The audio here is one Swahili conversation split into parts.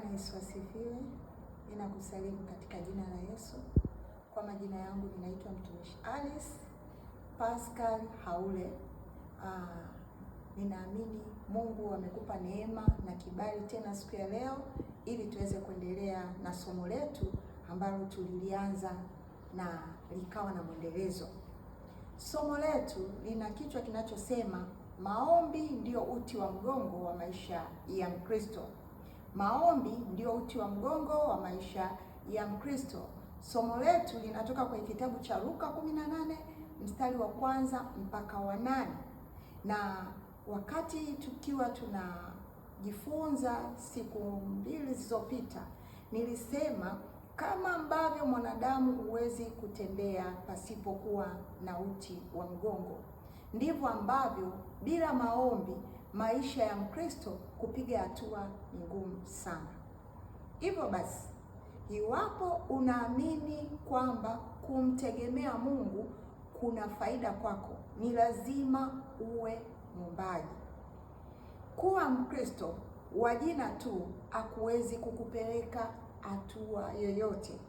Bwana Yesu asifiwe. Ninakusalimu katika jina la Yesu. Kwa majina yangu ninaitwa mtumishi Alice Pascal Haule. Aa, ah, ninaamini Mungu amekupa neema na kibali tena siku ya leo ili tuweze kuendelea na somo letu ambalo tulilianza na likawa na mwendelezo. Somo letu lina kichwa kinachosema maombi ndio uti wa mgongo wa maisha ya Mkristo. Maombi ndio uti wa mgongo wa maisha ya Mkristo. Somo letu linatoka kwenye kitabu cha Luka 18 mstari wa kwanza mpaka wa nane, na wakati tukiwa tunajifunza siku mbili zilizopita, nilisema kama ambavyo mwanadamu huwezi kutembea pasipokuwa na uti wa mgongo, ndivyo ambavyo bila maombi maisha ya Mkristo kupiga hatua ni ngumu sana. Hivyo basi, iwapo unaamini kwamba kumtegemea Mungu kuna faida kwako, ni lazima uwe mwombaji. Kuwa Mkristo wa jina tu hakuwezi kukupeleka hatua yoyote.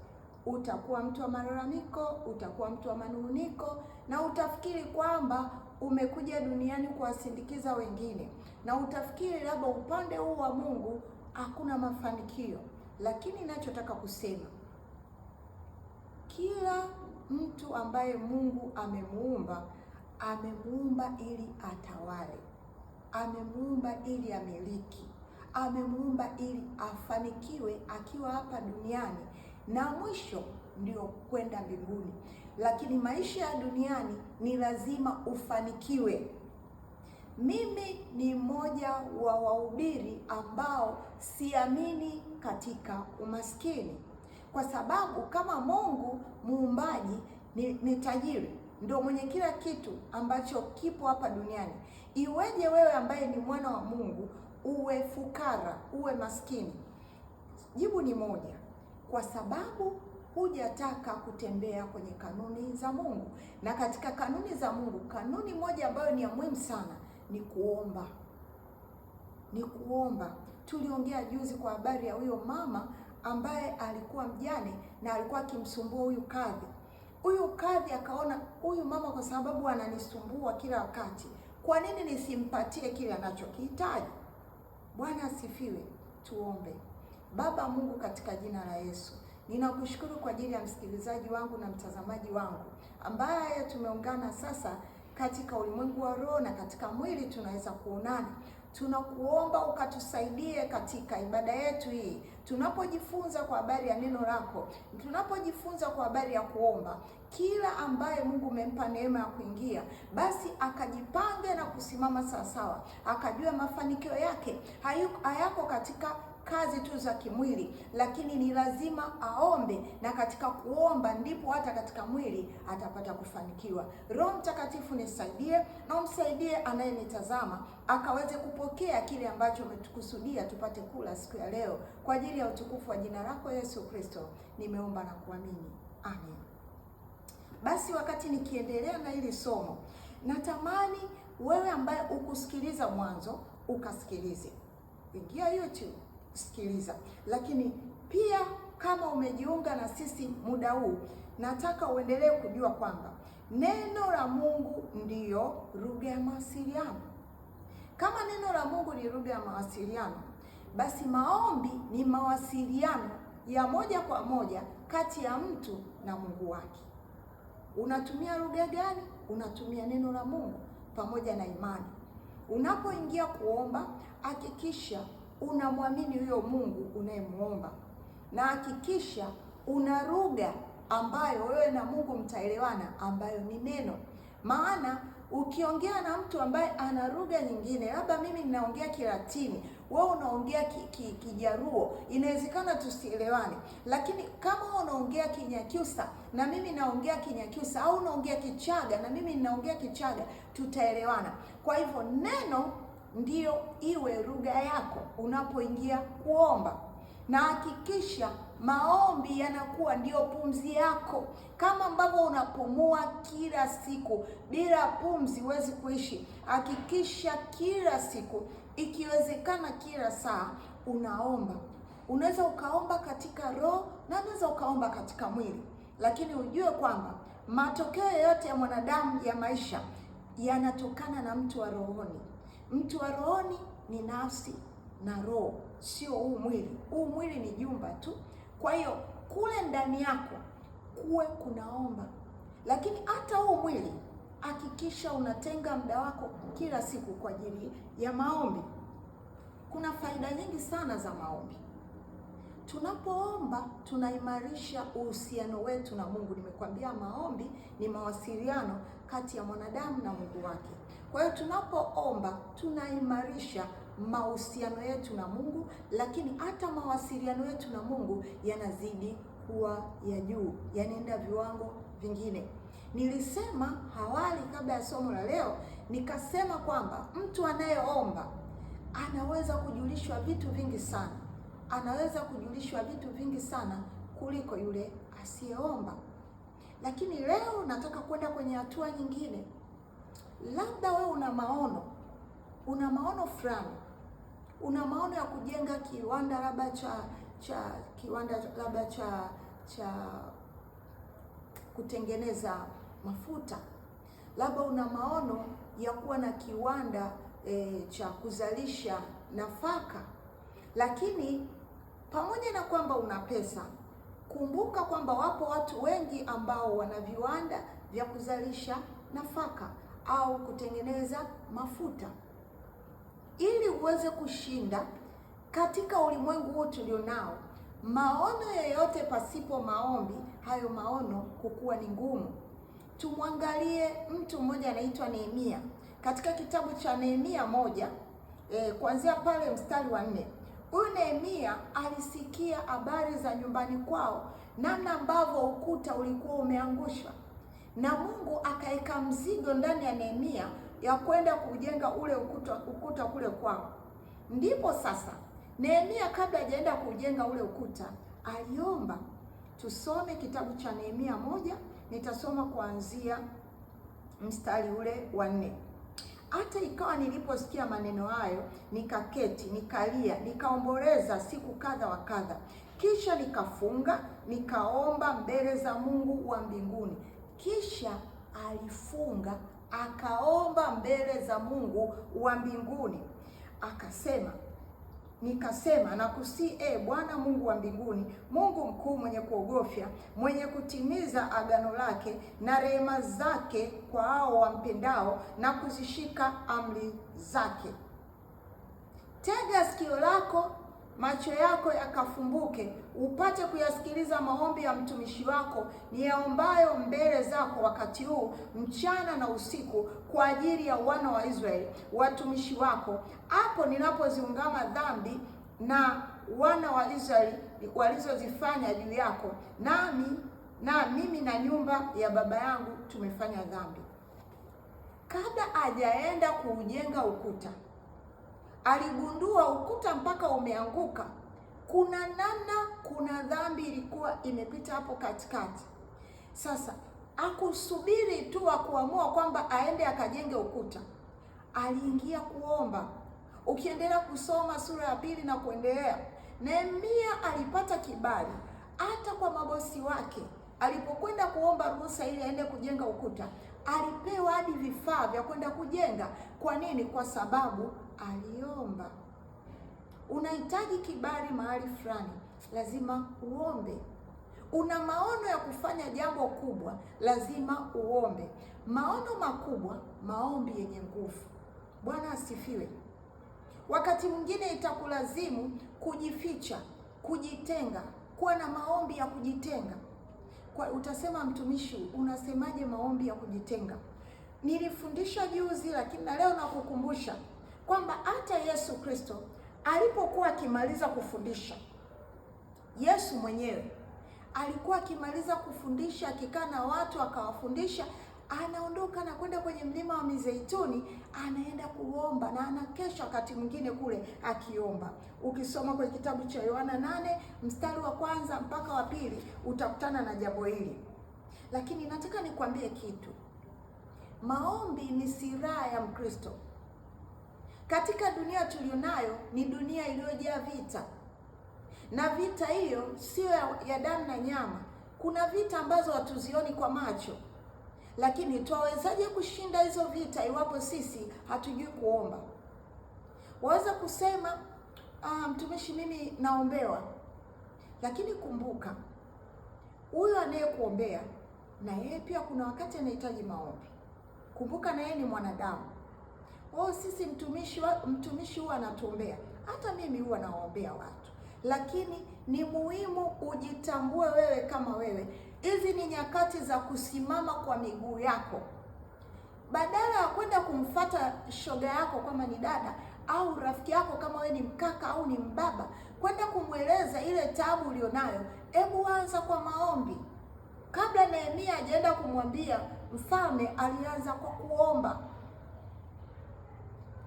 Utakuwa mtu wa malalamiko, utakuwa mtu wa manunguniko na utafikiri kwamba umekuja duniani kuwasindikiza wengine, na utafikiri labda upande huu wa Mungu hakuna mafanikio, lakini nachotaka kusema kila mtu ambaye Mungu amemuumba amemuumba ili atawale, amemuumba ili amiliki, amemuumba ili afanikiwe akiwa hapa duniani na mwisho ndio kwenda mbinguni lakini maisha ya duniani ni lazima ufanikiwe. Mimi ni mmoja wa wahubiri ambao siamini katika umaskini, kwa sababu kama Mungu muumbaji ni, ni tajiri ndio mwenye kila kitu ambacho kipo hapa duniani, iweje wewe ambaye ni mwana wa Mungu uwe fukara, uwe maskini? Jibu ni moja, kwa sababu hujataka kutembea kwenye kanuni za Mungu. Na katika kanuni za Mungu, kanuni moja ambayo ni ya muhimu sana ni kuomba, ni kuomba. Tuliongea juzi kwa habari ya huyo mama ambaye alikuwa mjane na alikuwa akimsumbua huyu kadhi. Huyu kadhi akaona huyu mama, kwa sababu ananisumbua kila wakati, kwa nini nisimpatie kile anachokihitaji? Bwana asifiwe. Tuombe. Baba Mungu, katika jina la Yesu Ninakushukuru kwa ajili ya msikilizaji wangu na mtazamaji wangu ambaye tumeungana sasa katika ulimwengu wa roho na katika mwili tunaweza kuonana. Tunakuomba ukatusaidie katika ibada yetu hii, tunapojifunza kwa habari ya neno lako, tunapojifunza kwa habari ya kuomba. Kila ambaye Mungu umempa neema ya kuingia, basi akajipange na kusimama sawasawa, akajua mafanikio yake hayako katika kazi tu za kimwili, lakini ni lazima aombe, na katika kuomba ndipo hata katika mwili atapata kufanikiwa. Roho Mtakatifu, nisaidie na umsaidie anayenitazama akaweze kupokea kile ambacho umetukusudia tupate kula siku ya leo, kwa ajili ya utukufu wa jina lako Yesu Kristo, nimeomba na kuamini, amen. Basi wakati nikiendelea na hili somo, natamani wewe ambaye ukusikiliza mwanzo ukasikilize, ingia YouTube kusikiliza. Lakini pia kama umejiunga na sisi muda huu, nataka uendelee kujua kwamba neno la Mungu ndiyo lugha ya mawasiliano. Kama neno la Mungu ni lugha ya mawasiliano, basi maombi ni mawasiliano ya moja kwa moja kati ya mtu na Mungu wake. Unatumia lugha gani? Unatumia neno la Mungu pamoja na imani. Unapoingia kuomba, hakikisha unamwamini huyo Mungu unayemwomba, na hakikisha una lugha ambayo wewe na Mungu mtaelewana, ambayo ni neno. Maana ukiongea na mtu ambaye ana lugha nyingine, labda mimi ninaongea Kilatini, wewe unaongea Kijaruo, ki, ki inawezekana tusielewane. Lakini kama wewe unaongea Kinyakyusa na mimi naongea Kinyakyusa, au unaongea Kichaga na mimi ninaongea Kichaga, tutaelewana. Kwa hivyo neno ndiyo iwe lugha yako unapoingia kuomba, na hakikisha maombi yanakuwa ndiyo pumzi yako, kama ambavyo unapumua kila siku. Bila pumzi huwezi kuishi. Hakikisha kila siku, ikiwezekana kila saa, unaomba. Unaweza ukaomba katika roho na unaweza ukaomba katika mwili, lakini ujue kwamba matokeo yote ya mwanadamu ya maisha yanatokana na mtu wa rohoni. Mtu wa rohoni ni nafsi na roho, sio huu mwili. Huu mwili ni jumba tu. Kwa hiyo kule ndani yako kuwe kunaomba, lakini hata huu mwili hakikisha unatenga muda wako kila siku kwa ajili ya maombi. Kuna faida nyingi sana za maombi. Tunapoomba tunaimarisha uhusiano wetu na Mungu. Nimekwambia maombi ni mawasiliano kati ya mwanadamu na Mungu wake. Kwa hiyo tunapoomba tunaimarisha mahusiano yetu na Mungu, lakini hata mawasiliano yetu na Mungu yanazidi kuwa ya juu, yanaenda viwango vingine. Nilisema awali kabla ya somo la leo, nikasema kwamba mtu anayeomba anaweza kujulishwa vitu vingi sana, anaweza kujulishwa vitu vingi sana kuliko yule asiyeomba. Lakini leo nataka kwenda kwenye hatua nyingine. Labda wewe una maono, una maono fulani, una maono ya kujenga kiwanda labda cha cha kiwanda labda cha cha kutengeneza mafuta, labda una maono ya kuwa na kiwanda e, cha kuzalisha nafaka, lakini pamoja na kwamba una pesa Kumbuka kwamba wapo watu wengi ambao wana viwanda vya kuzalisha nafaka au kutengeneza mafuta. Ili uweze kushinda katika ulimwengu huu nao maono yoyote pasipo maombi, hayo maono kukua ni ngumu. Tumwangalie mtu mmoja anaitwa Nehemia katika kitabu cha Nehemia moja, e, kuanzia pale mstari wa nne. Huyu Nehemia alisikia habari za nyumbani kwao, namna ambavyo ukuta ulikuwa umeangushwa, na Mungu akaweka mzigo ndani ya Nehemia ya kwenda kujenga ule ukuta, ukuta kule kwao. Ndipo sasa Nehemia kabla hajaenda kujenga ule ukuta aliomba. Tusome kitabu cha Nehemia moja, nitasoma kuanzia mstari ule wa nne. Hata ikawa niliposikia maneno hayo, nikaketi, nikalia, nikaomboleza siku kadha wa kadha, kisha nikafunga, nikaomba mbele za Mungu wa mbinguni. Kisha alifunga akaomba mbele za Mungu wa mbinguni akasema Nikasema na kusi e ee Bwana Mungu wa mbinguni, Mungu mkuu, mwenye kuogofya, mwenye kutimiza agano lake na rehema zake kwa hao wampendao na kuzishika amri zake. Tega sikio lako, macho yako yakafumbuke upate kuyasikiliza maombi ya mtumishi wako niyaombayo mbele zako wakati huu mchana na usiku kwa ajili ya wana wa Israeli watumishi wako, hapo ninapoziungama dhambi na wana wa Israeli walizozifanya juu yako, nami na mimi na nyumba ya baba yangu tumefanya dhambi. Kabla hajaenda kuujenga ukuta, aligundua ukuta mpaka umeanguka kuna namna, kuna dhambi ilikuwa imepita hapo katikati. Sasa akusubiri tu akuamua kwamba aende akajenge ukuta, aliingia kuomba. Ukiendelea kusoma sura ya pili na kuendelea, Nehemia alipata kibali hata kwa mabosi wake. Alipokwenda kuomba ruhusa ili aende kujenga ukuta, alipewa hadi vifaa vya kwenda kujenga. Kwa nini? Kwa sababu aliomba unahitaji kibali mahali fulani, lazima uombe. Una maono ya kufanya jambo kubwa, lazima uombe. Maono makubwa, maombi yenye nguvu. Bwana asifiwe. Wakati mwingine itakulazimu kujificha, kujitenga, kuwa na maombi ya kujitenga. Kwa utasema mtumishi, unasemaje maombi ya kujitenga? Nilifundisha juzi, lakini na leo nakukumbusha kwamba hata Yesu Kristo Alipokuwa akimaliza kufundisha, Yesu mwenyewe alikuwa akimaliza kufundisha, akikaa na watu akawafundisha, anaondoka na kwenda kwenye mlima wa Mizeituni, anaenda kuomba na anakesha wakati mwingine kule akiomba. Ukisoma kwenye kitabu cha Yohana nane mstari wa kwanza mpaka wa pili utakutana na jambo hili, lakini nataka nikwambie kitu, maombi ni silaha ya Mkristo. Katika dunia tulionayo ni dunia iliyojaa vita, na vita hiyo siyo ya, ya damu na nyama. Kuna vita ambazo hatuzioni kwa macho, lakini twawezaje kushinda hizo vita iwapo sisi hatujui kuomba? Waweza kusema ah, mtumishi, mimi naombewa, lakini kumbuka huyo anayekuombea na yeye pia kuna wakati anahitaji maombi. Kumbuka na yeye ni mwanadamu oh, sisi mtumishi wa, mtumishi huwa anatuombea. Hata mimi huwa nawaombea watu, lakini ni muhimu ujitambue wewe kama wewe. Hizi ni nyakati za kusimama kwa miguu yako, badala ya kwenda kumfata shoga yako kama ni dada au rafiki yako kama wewe ni mkaka au ni mbaba, kwenda kumweleza ile taabu ulionayo. Hebu anza kwa maombi. Kabla Nehemia ajaenda kumwambia mfalme, alianza kwa kuomba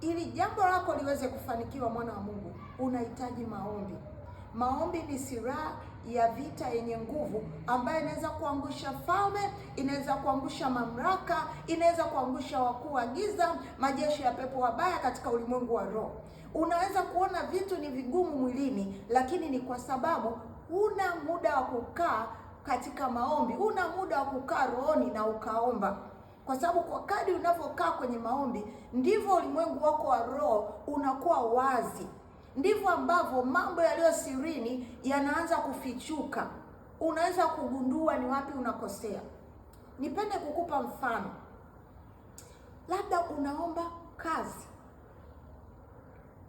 ili jambo lako liweze kufanikiwa, mwana wa Mungu, unahitaji maombi. Maombi ni silaha ya vita yenye nguvu ambayo inaweza kuangusha falme, inaweza kuangusha mamlaka, inaweza kuangusha wakuu wa giza, majeshi ya pepo wabaya katika ulimwengu wa roho. Unaweza kuona vitu ni vigumu mwilini, lakini ni kwa sababu huna muda wa kukaa katika maombi, huna muda wa kukaa rohoni na ukaomba kwa sababu kwa kadri unavyokaa kwenye maombi ndivyo ulimwengu wako wa roho unakuwa wazi, ndivyo ambavyo mambo yaliyo sirini yanaanza kufichuka. Unaweza kugundua ni wapi unakosea. Nipende kukupa mfano, labda unaomba kazi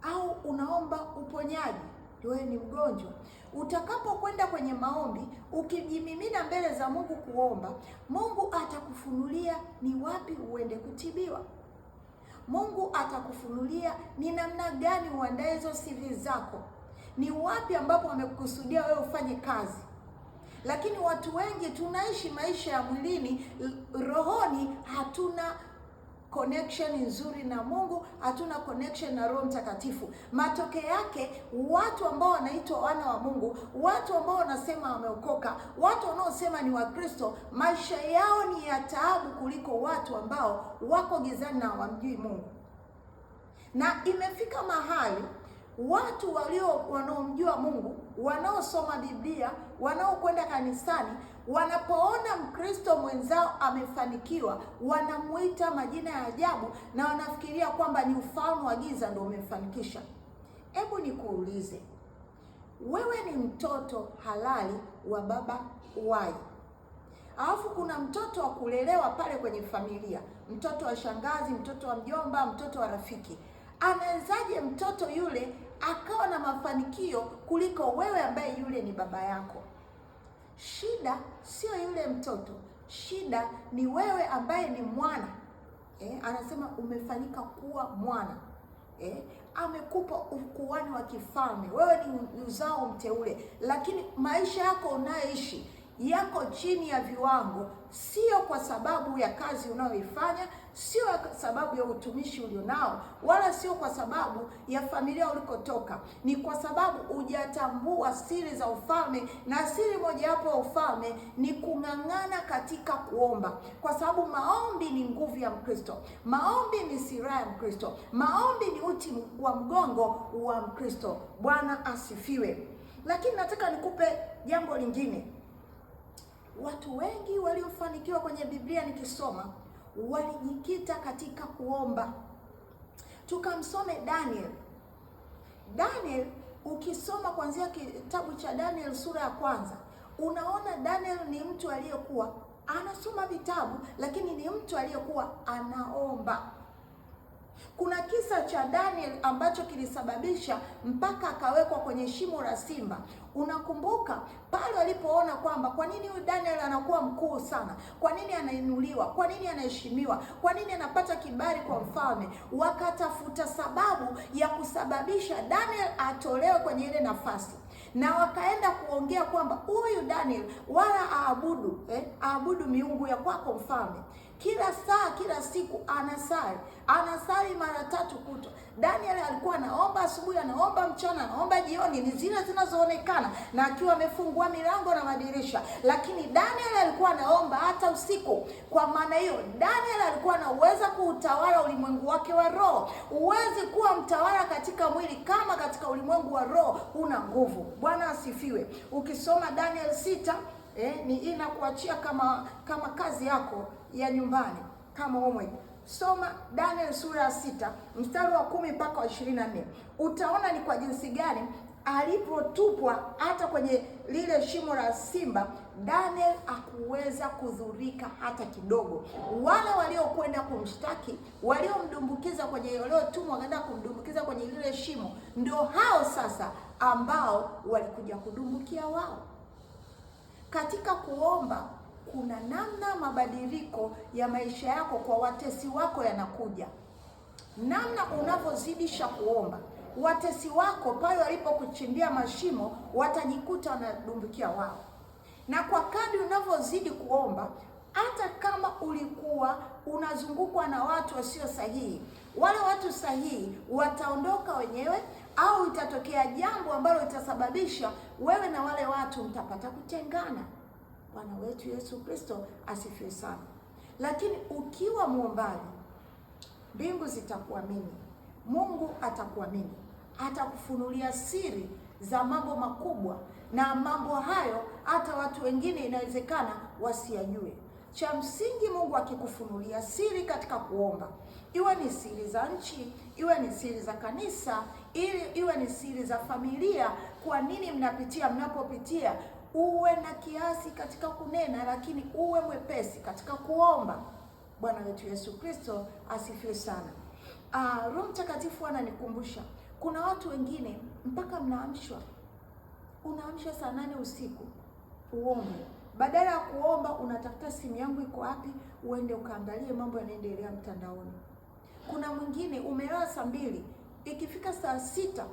au unaomba uponyaji wewe ni mgonjwa. Utakapokwenda kwenye maombi, ukijimimina mbele za Mungu kuomba, Mungu atakufunulia ni wapi uende kutibiwa. Mungu atakufunulia ni namna gani uandae hizo CV zako, ni wapi ambapo amekusudia wewe ufanye kazi. Lakini watu wengi tunaishi maisha ya mwilini, rohoni connection nzuri na Mungu, hatuna connection na Roho Mtakatifu. Matokeo yake watu ambao wanaitwa wana wa Mungu, watu ambao wanasema wameokoka, watu wanaosema ni Wakristo, maisha yao ni ya taabu kuliko watu ambao wako gizani na hawamjui Mungu. Na imefika mahali watu walio wanaomjua Mungu wanaosoma Biblia, wanaokwenda kanisani, wanapoona Mkristo mwenzao amefanikiwa, wanamuita majina ya ajabu na wanafikiria kwamba ni ufalme wa giza ndio umemfanikisha. Hebu nikuulize wewe, ni mtoto halali wa baba wai, alafu kuna mtoto wa kulelewa pale kwenye familia, mtoto wa shangazi, mtoto wa mjomba, mtoto wa rafiki. Anawezaje mtoto yule akawa na mafanikio kuliko wewe ambaye yule ni baba yako. Shida sio yule mtoto, shida ni wewe ambaye ni mwana eh, anasema umefanyika kuwa mwana eh, amekupa ukuani wa kifalme. Wewe ni uzao mteule, lakini maisha yako unayoishi yako chini ya viwango, sio kwa sababu ya kazi unayoifanya sio kwa sababu ya utumishi ulionao, wala sio kwa sababu ya familia ulikotoka. Ni kwa sababu hujatambua siri za ufalme, na siri mojawapo ya ufalme ni kung'ang'ana katika kuomba, kwa sababu maombi ni nguvu ya Mkristo, maombi ni silaha ya Mkristo, maombi ni uti wa mgongo wa Mkristo. Bwana asifiwe. Lakini nataka nikupe jambo lingine. Watu wengi waliofanikiwa kwenye Biblia nikisoma walijikita katika kuomba. Tukamsome Daniel. Daniel, ukisoma kuanzia kitabu cha Daniel sura ya kwanza, unaona Daniel ni mtu aliyekuwa anasoma vitabu, lakini ni mtu aliyekuwa anaomba. Kuna kisa cha Daniel ambacho kilisababisha mpaka akawekwa kwenye shimo la simba. Unakumbuka pale walipoona kwamba kwa nini huyu Daniel anakuwa mkuu sana, kwa nini anainuliwa, kwa nini anaheshimiwa, kwa nini anapata kibali kwa mfalme? Wakatafuta sababu ya kusababisha Daniel atolewe kwenye ile nafasi na wakaenda kuongea kwamba huyu Daniel wala aabudu eh, aabudu miungu ya kwako mfalme kila saa, kila siku anasali, anasali mara tatu kutwa. Daniel alikuwa anaomba asubuhi, anaomba mchana, anaomba jioni, ni zile zinazoonekana na akiwa amefungua milango na madirisha, lakini Daniel alikuwa anaomba hata usiku. Kwa maana hiyo, Daniel alikuwa anaweza kuutawala ulimwengu wake wa roho. Huwezi kuwa mtawala katika mwili kama katika ulimwengu wa roho una nguvu. Bwana asifiwe. Ukisoma Daniel sita, eh, ni inakuachia kama kama kazi yako ya nyumbani kama homework. Soma Daniel sura ya sita mstari wa kumi mpaka wa ishirini na nne utaona ni kwa jinsi gani alipotupwa hata kwenye lile shimo la simba, Daniel hakuweza kudhurika hata kidogo. Wale waliokwenda kumshtaki, waliomdumbukiza kwenye, waliotumwa wakaenda kumdumbukiza kwenye lile shimo, ndio hao sasa ambao walikuja kudumbukia wao. Katika kuomba kuna namna mabadiliko ya maisha yako kwa watesi wako yanakuja. Namna unavyozidisha kuomba, watesi wako pale walipokuchimbia mashimo watajikuta wanadumbukia wao, na kwa kadri unavyozidi kuomba hata kama ulikuwa unazungukwa na watu wasio sahihi, wale watu sahihi wataondoka wenyewe, au itatokea jambo ambalo litasababisha wewe na wale watu mtapata kutengana. Bwana wetu Yesu Kristo asifiwe sana. Lakini ukiwa mwombaji, mbingu zitakuamini, Mungu atakuamini, atakufunulia siri za mambo makubwa, na mambo hayo hata watu wengine inawezekana wasiyajue. Cha msingi Mungu akikufunulia siri katika kuomba, iwe ni siri za nchi, iwe ni siri za kanisa, ili iwe ni siri za familia, kwa nini mnapitia mnapopitia uwe na kiasi katika kunena, lakini uwe mwepesi katika kuomba. Bwana wetu Yesu Kristo asifiwe sana. Uh, Roho Mtakatifu ananikumbusha kuna watu wengine mpaka mnaamshwa, unaamshwa saa nane usiku uombe badala ya kuomba unatafuta simu yangu iko wapi, uende ukaangalie mambo yanaendelea mtandaoni. Kuna mwingine umelala saa mbili, ikifika saa sita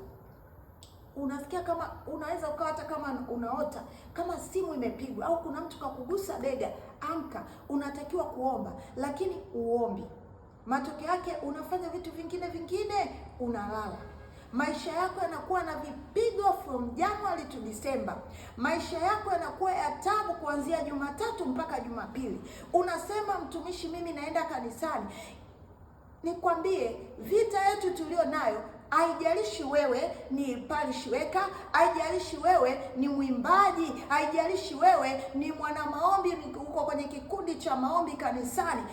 unasikia kama unaweza ukawa hata kama unaota kama simu imepigwa au kuna mtu kakugusa bega, amka. Unatakiwa kuomba, lakini uombi, matokeo yake unafanya vitu vingine vingine, unalala. Maisha yako yanakuwa na vipigo from January to December. Maisha yako yanakuwa ya tabu kuanzia Jumatatu mpaka Jumapili. Unasema mtumishi, mimi naenda kanisani. Nikwambie, vita yetu tulio nayo Haijalishi wewe ni parishweka, haijalishi wewe ni mwimbaji, haijalishi wewe ni mwanamaombi, uko kwenye kikundi cha maombi kanisani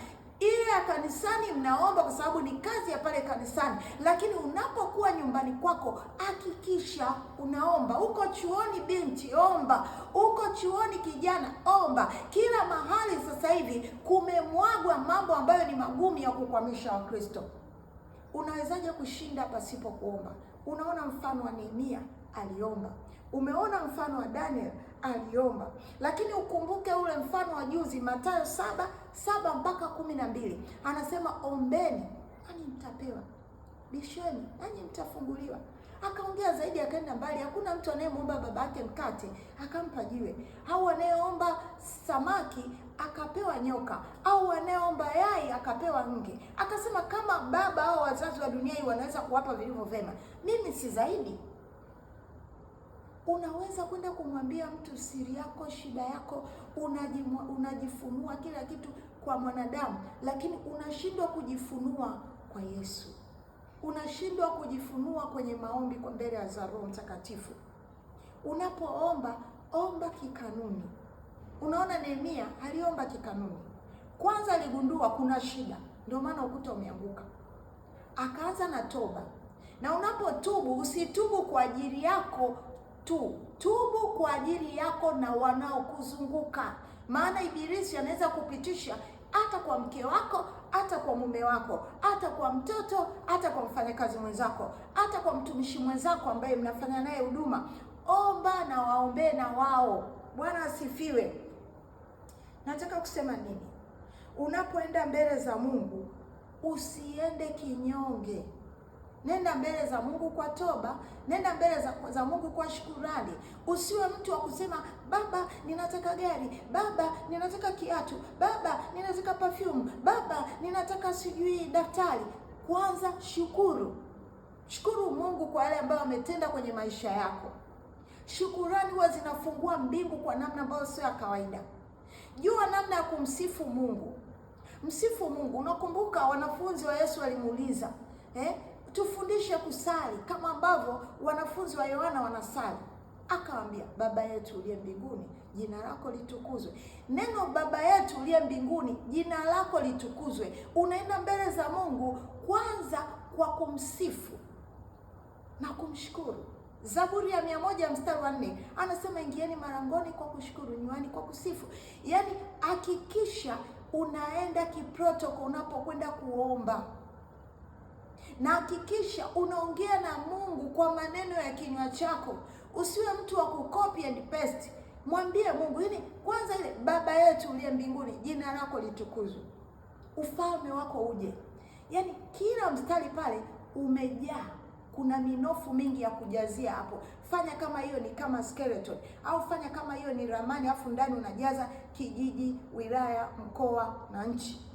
ile ya kanisani mnaomba kwa sababu ni kazi ya pale kanisani, lakini unapokuwa nyumbani kwako hakikisha unaomba. Uko chuoni binti, omba. Uko chuoni kijana, omba. Kila mahali sasa hivi kumemwagwa mambo ambayo ni magumu ya kukwamisha Wakristo. Unawezaje kushinda pasipo kuomba? Unaona mfano wa Nehemia aliomba, umeona mfano wa Daniel aliomba, lakini ukumbuke ule mfano wa juzi, Mathayo saba saba mpaka kumi na mbili anasema ombeni nani mtapewa, bisheni nani mtafunguliwa. Akaongea zaidi, akaenda mbali, hakuna mtu anayemwomba babake mkate akampa jiwe, au anayeomba samaki akapewa nyoka, au anayeomba yai akapewa nge. Akasema kama baba au wazazi wa dunia hii wanaweza kuwapa vilivyo vyema, mimi si zaidi? Unaweza kwenda kumwambia mtu siri yako, shida yako, unajifunua kila kitu kwa mwanadamu, lakini unashindwa kujifunua kwa Yesu, unashindwa kujifunua kwenye maombi kwa mbele za Roho Mtakatifu. Unapoomba omba kikanuni. Unaona, Nehemia aliomba kikanuni. Kwanza aligundua kuna shida, ndio maana ukuta umeanguka, akaanza na toba. Na unapotubu usitubu kwa ajili yako tu, tubu kwa ajili yako na wanaokuzunguka, maana Ibilisi anaweza kupitisha hata kwa mke wako, hata kwa mume wako, hata kwa mtoto, hata kwa mfanyakazi mwenzako, hata kwa mtumishi mwenzako ambaye mnafanya naye huduma. Omba na waombee na wao. Bwana asifiwe. Nataka kusema nini? Unapoenda mbele za Mungu usiende kinyonge. Nenda mbele za Mungu kwa toba, nenda mbele za, za Mungu kwa shukurani. Usiwe mtu wa kusema baba, ninataka gari, baba, ninataka kiatu, baba, ninataka perfume, baba, ninataka sijui daftari. Kwanza shukuru, shukuru Mungu kwa yale ambayo ametenda kwenye maisha yako. Shukurani huwa zinafungua mbingu kwa namna ambayo sio ya kawaida jua namna ya kumsifu Mungu. Msifu Mungu. Unakumbuka wanafunzi wa Yesu walimuuliza eh, tufundishe kusali kama ambavyo wanafunzi wa Yohana wanasali. Akawaambia, baba yetu uliye mbinguni, jina lako litukuzwe. Neno baba yetu uliye mbinguni, jina lako litukuzwe, unaenda mbele za Mungu kwanza kwa kumsifu na kumshukuru. Zaburi ya mia moja mstari wa nne anasema ingieni marangoni kwa kushukuru, nywani kwa kusifu. Yaani hakikisha unaenda kiprotoko unapokwenda kuomba, na hakikisha unaongea na Mungu kwa maneno ya kinywa chako. Usiwe mtu wa kukopi and paste. Mwambie Mungu ini yaani, kwanza, ile Baba yetu uliye mbinguni, jina lako litukuzwe, ufalme wako uje. Yaani kila mstari pale umejaa kuna minofu mingi ya kujazia hapo. Fanya kama hiyo ni kama skeleton, au fanya kama hiyo ni ramani, afu ndani unajaza kijiji, wilaya, mkoa na nchi.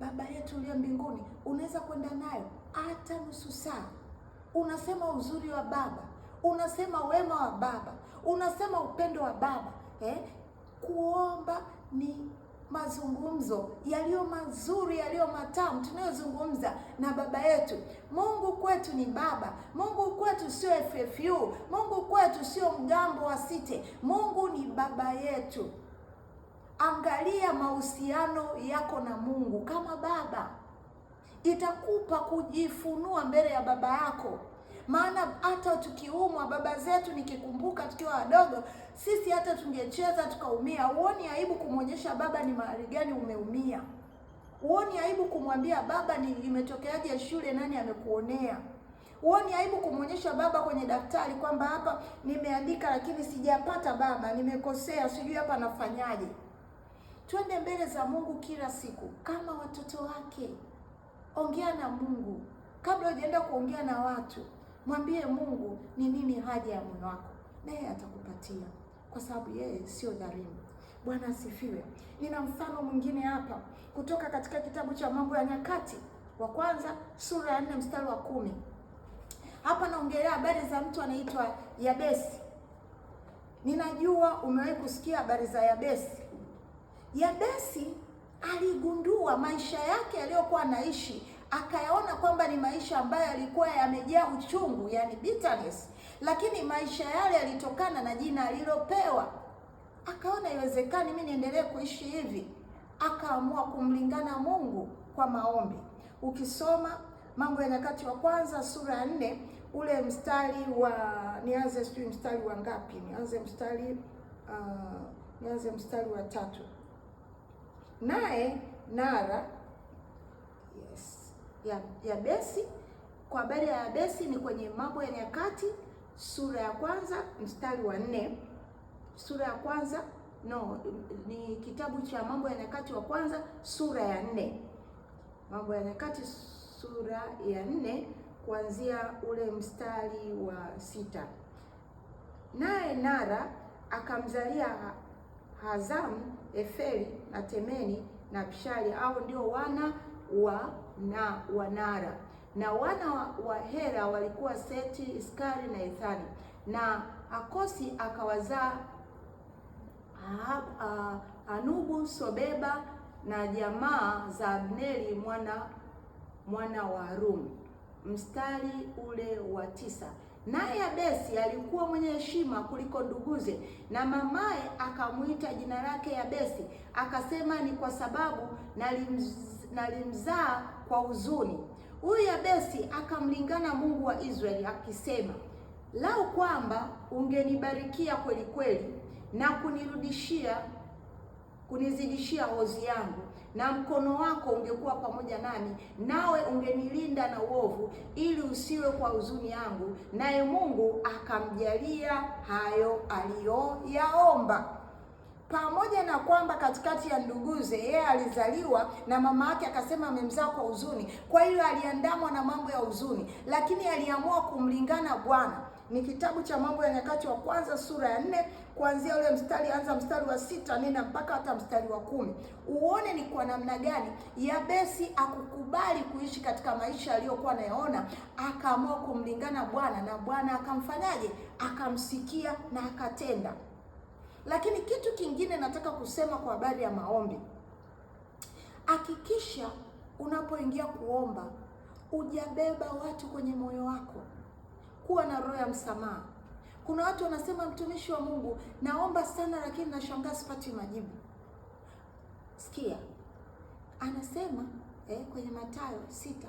Baba yetu uliye mbinguni, unaweza kwenda nayo hata nusu saa. Unasema uzuri wa baba, unasema wema wa baba, unasema upendo wa baba eh? Kuomba ni mazungumzo yaliyo mazuri yaliyo matamu tunayozungumza na baba yetu. Mungu kwetu ni baba. Mungu kwetu sio FFU. Mungu kwetu sio mgambo wa site. Mungu ni baba yetu. Angalia mahusiano yako na Mungu kama baba, itakupa kujifunua mbele ya baba yako. Maana hata tukiumwa, baba zetu, nikikumbuka tukiwa wadogo, sisi hata tungecheza tukaumia, huoni aibu kumwonyesha baba ni mahali gani umeumia? Huoni aibu kumwambia baba ni imetokeaje shule, nani amekuonea? Huoni aibu kumwonyesha baba kwenye daftari kwamba hapa nimeandika lakini sijapata, baba nimekosea, sijui hapa nafanyaje? Twende mbele za Mungu kila siku kama watoto wake. Ongea na Mungu kabla hujaenda kuongea na watu. Mwambie Mungu ni nini haja ya moyo wako, naye atakupatia, kwa sababu yeye sio dhalimu. Bwana asifiwe. Nina mfano mwingine hapa kutoka katika kitabu cha Mambo ya Nyakati wa kwanza sura ya nne mstari wa kumi. Hapa naongelea habari za mtu anaitwa Yabesi. Ninajua umewahi kusikia habari za Yabesi. Yabesi aligundua maisha yake yaliyokuwa anaishi akayaona kwamba ni maisha ambayo yalikuwa yamejaa uchungu, yani bitterness, lakini maisha yale yalitokana na jina alilopewa. Akaona iwezekani mimi niendelee kuishi hivi, akaamua kumlingana Mungu kwa maombi. Ukisoma Mambo ya Nyakati wa Kwanza sura ya nne ule mstari wa nianze, sijui mstari wa ngapi, nianze mstari uh, nianze mstari wa tatu. Naye Nara ya, ya besi. Kwa habari ya besi ni kwenye Mambo ya Nyakati sura ya kwanza mstari wa nne. Sura ya kwanza no, ni kitabu cha Mambo ya Nyakati wa kwanza sura ya nne. Mambo ya Nyakati sura ya nne kuanzia ule mstari wa sita. Naye Nara akamzalia Hazamu, Eferi na Temeni na Pishali, au ndio wana wa na Wanara. Na wana wa hera walikuwa Seti, Iskari na Ethani. Na Akosi akawazaa Anubu, Sobeba na jamaa za Abneri mwana mwana wa Harum. Mstari ule wa tisa. Naye Yabesi alikuwa mwenye heshima kuliko nduguze, na mamaye akamwita jina lake Yabesi, akasema ni kwa sababu nalimzaa kwa huzuni. Huyu Yabesi akamlingana Mungu wa Israeli akisema, lau kwamba ungenibarikia kweli kweli na kunirudishia kunizidishia hozi yangu, na mkono wako ungekuwa pamoja nami, nawe ungenilinda na uovu, ili usiwe kwa huzuni yangu. Naye Mungu akamjalia hayo aliyoyaomba pamoja na kwamba katikati ya nduguze yeye alizaliwa na mama yake akasema amemzaa kwa huzuni, kwa hiyo aliandamwa na mambo ya huzuni, lakini aliamua kumlingana Bwana. Ni kitabu cha Mambo ya Nyakati wa kwanza sura ya nne kuanzia ule mstari, anza mstari wa sita nena mpaka hata mstari wa kumi uone ni kwa namna gani Yabesi akukubali kuishi katika maisha aliyokuwa anayaona, akaamua kumlingana Bwana na Bwana akamfanyaje? Akamsikia na akatenda. Lakini kitu kingine nataka kusema kwa habari ya maombi, hakikisha unapoingia kuomba ujabeba watu kwenye moyo wako, kuwa na roho ya msamaha. Kuna watu wanasema, mtumishi wa Mungu, naomba sana, lakini nashangaa sipati majibu. Sikia anasema eh, kwenye Mathayo sita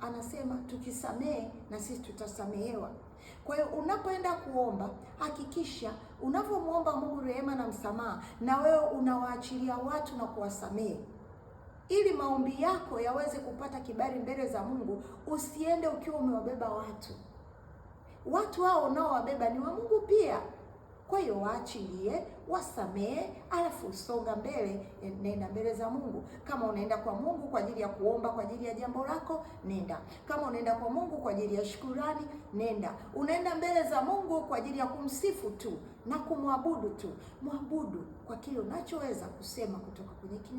anasema tukisamehe na sisi tutasamehewa. Kwa hiyo unapoenda kuomba hakikisha unavyomwomba Mungu rehema na msamaha, na wewe unawaachilia watu na kuwasamehe ili maombi yako yaweze kupata kibali mbele za Mungu. Usiende ukiwa umewabeba watu, watu hao unaowabeba ni wa Mungu pia. Kwa hiyo waachilie, wasamehe, alafu usonga mbele, nenda mbele za Mungu. Kama unaenda kwa Mungu kwa ajili ya kuomba kwa ajili ya jambo lako, nenda. Kama unaenda kwa Mungu kwa ajili ya shukurani, nenda. Unaenda mbele za Mungu kwa ajili ya kumsifu tu, na kumwabudu tu. Mwabudu kwa kile unachoweza kusema kutoka kwenye kinywa